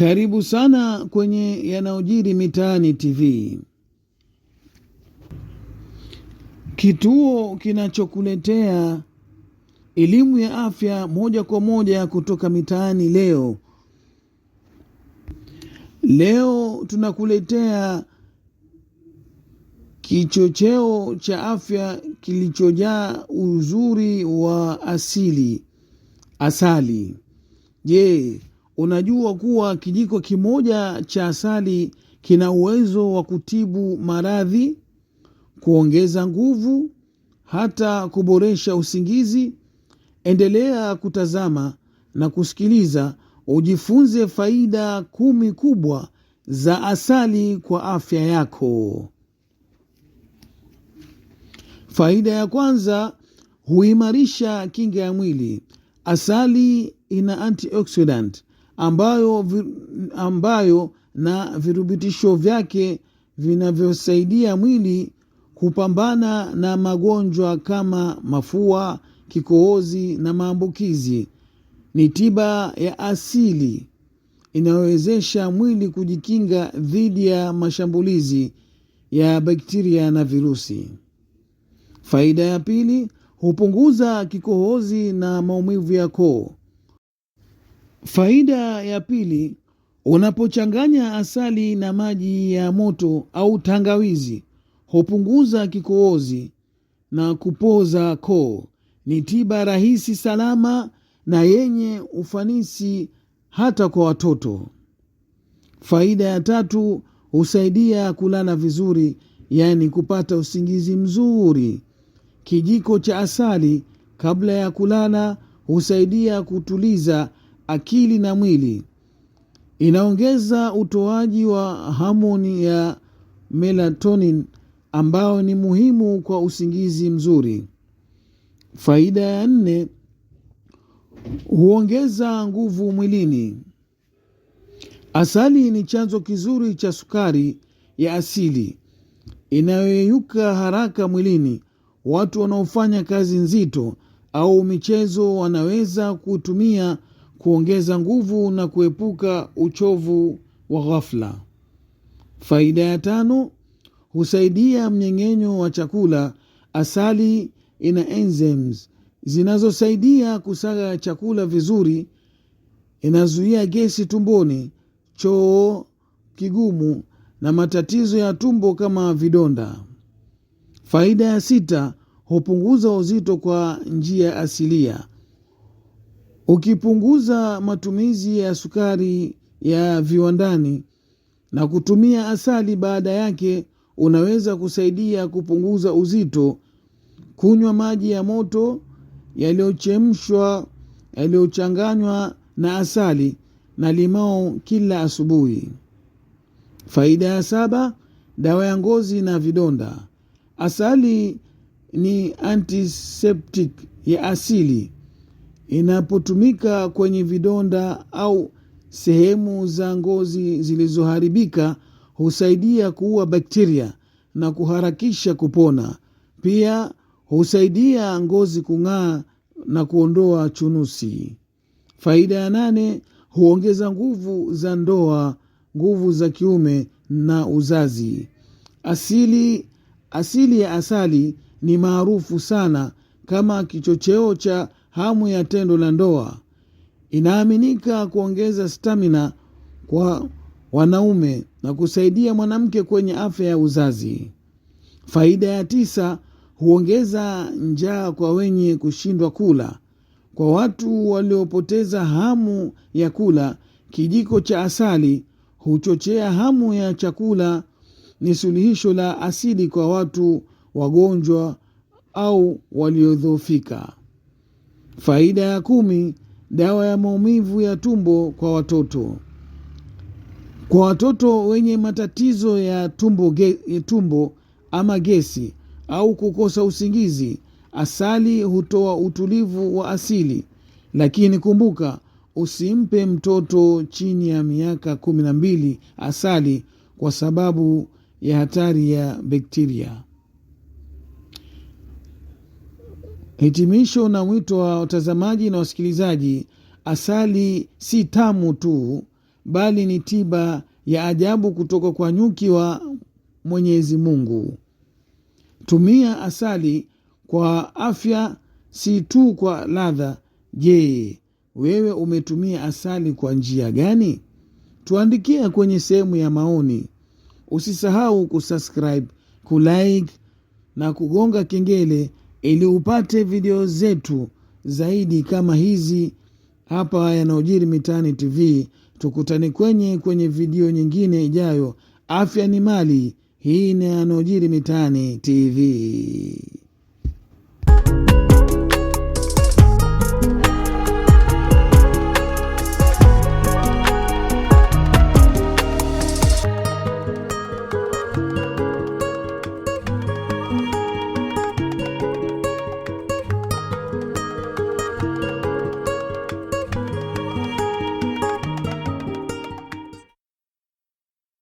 Karibu sana kwenye yanayojiri mitaani TV, kituo kinachokuletea elimu ya afya moja kwa moja kutoka mitaani. Leo leo tunakuletea kichocheo cha afya kilichojaa uzuri wa asili, asali. Je, Unajua kuwa kijiko kimoja cha asali kina uwezo wa kutibu maradhi, kuongeza nguvu, hata kuboresha usingizi? Endelea kutazama na kusikiliza ujifunze faida kumi kubwa za asali kwa afya yako. Faida ya kwanza, huimarisha kinga ya mwili. Asali ina antioxidant ambayo, ambayo na virubitisho vyake vinavyosaidia mwili kupambana na magonjwa kama mafua, kikohozi na maambukizi. Ni tiba ya asili inayowezesha mwili kujikinga dhidi ya mashambulizi ya bakteria na virusi. Faida ya pili, hupunguza kikohozi na maumivu ya koo. Faida ya pili, unapochanganya asali na maji ya moto au tangawizi hupunguza kikohozi na kupoza koo. Ni tiba rahisi, salama na yenye ufanisi hata kwa watoto. Faida ya tatu, husaidia kulala vizuri, yaani kupata usingizi mzuri. Kijiko cha asali kabla ya kulala husaidia kutuliza akili na mwili. Inaongeza utoaji wa hamoni ya melatonin ambao ni muhimu kwa usingizi mzuri. Faida ya nne, huongeza nguvu mwilini. Asali ni chanzo kizuri cha sukari ya asili inayoyeyuka haraka mwilini. Watu wanaofanya kazi nzito au michezo wanaweza kutumia kuongeza nguvu na kuepuka uchovu wa ghafla. Faida ya tano, husaidia mmeng'enyo wa chakula. Asali ina enzymes zinazosaidia kusaga chakula vizuri. Inazuia gesi tumboni, choo kigumu na matatizo ya tumbo kama vidonda. Faida ya sita, hupunguza uzito kwa njia asilia. Ukipunguza matumizi ya sukari ya viwandani na kutumia asali baada yake, unaweza kusaidia kupunguza uzito. Kunywa maji ya moto yaliyochemshwa yaliyochanganywa na asali na limao kila asubuhi. Faida ya saba: dawa ya ngozi na vidonda. Asali ni antiseptic ya asili Inapotumika kwenye vidonda au sehemu za ngozi zilizoharibika, husaidia kuua bakteria na kuharakisha kupona. Pia husaidia ngozi kung'aa na kuondoa chunusi. Faida ya nane, huongeza nguvu za ndoa, nguvu za kiume na uzazi. Asili, asili ya asali ni maarufu sana kama kichocheo cha hamu ya tendo la ndoa inaaminika kuongeza stamina kwa wanaume na kusaidia mwanamke kwenye afya ya uzazi. Faida ya tisa, huongeza njaa kwa wenye kushindwa kula. Kwa watu waliopoteza hamu ya kula, kijiko cha asali huchochea hamu ya chakula. Ni suluhisho la asili kwa watu wagonjwa au waliodhoofika. Faida ya kumi: dawa ya maumivu ya tumbo kwa watoto. Kwa watoto wenye matatizo ya tumbo, ge, tumbo ama gesi au kukosa usingizi, asali hutoa utulivu wa asili, lakini kumbuka usimpe mtoto chini ya miaka kumi na mbili asali kwa sababu ya hatari ya bakteria. Hitimisho na mwito wa watazamaji na wasikilizaji, asali si tamu tu, bali ni tiba ya ajabu kutoka kwa nyuki wa Mwenyezi Mungu. Tumia asali kwa afya, si tu kwa ladha. Je, wewe umetumia asali kwa njia gani? Tuandikia kwenye sehemu ya maoni. Usisahau kusubscribe, kulike na kugonga kengele ili upate video zetu zaidi kama hizi hapa yanayojiri mitaani TV. Tukutane kwenye kwenye video nyingine ijayo. Afya ni mali. Hii ni yanayojiri mitaani TV.